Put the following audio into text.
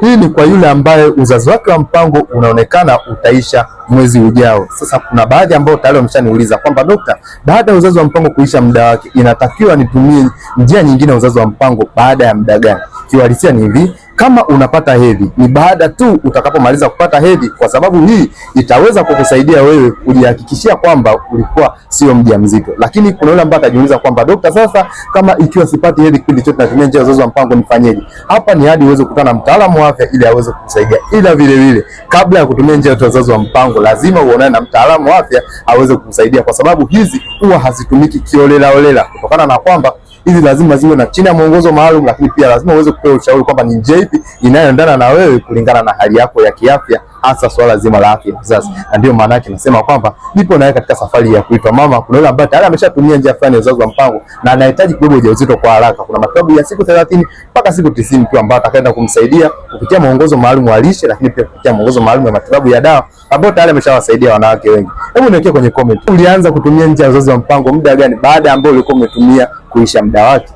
Hii ni kwa yule ambaye uzazi wake wa mpango unaonekana utaisha mwezi ujao. Sasa kuna baadhi ambao tayari wameshaniuliza kwamba dokta, baada ya uzazi wa mpango kuisha muda wake, inatakiwa nitumie njia nyingine ya uzazi wa mpango baada ya muda gani? Kiuhalisia ni hivi kama unapata hedhi ni baada tu utakapomaliza kupata hedhi, kwa sababu hii itaweza kukusaidia wewe kujihakikishia kwamba ulikuwa sio mjamzito. Lakini kuna yule ambaye atajiuliza kwamba dokta, sasa kama ikiwa sipati hedhi kipindi chote natumia njia uzazi wa mpango nifanyeje? Hapa ni hadi uweze kukutana na mtaalamu wa afya ili aweze kukusaidia, ila vile vile kabla ya kutumia njia ya uzazi wa mpango lazima uonane na mtaalamu wa afya aweze kukusaidia, kwa sababu hizi huwa hazitumiki kiolelaolela kutokana na kwamba hizi lazima ziwe na chini ya mwongozo maalum, lakini pia lazima uweze kupewa ushauri kwamba ni njia ipi inayoendana na wewe kulingana na hali yako ya kiafya hasa swala zima la afya uzazi, na ndio maana yake nasema kwamba nipo naye katika safari ya kuitwa mama. Kuna yule ambaye tayari ameshatumia njia fulani ya uzazi wa mpango na anahitaji kubeba ujauzito kwa haraka. Kuna matibabu ya siku 30 mpaka siku 90 tu ambayo atakaenda kumsaidia kupitia mwongozo maalum wa lishe, lakini pia kupitia mwongozo maalum wa matibabu ya dawa ambao tayari ameshawasaidia wanawake wengi. Hebu niwekee kwenye comment, ulianza kutumia njia ya uzazi wa mpango muda gani baada ya ambao ulikuwa umetumia kuisha muda wake?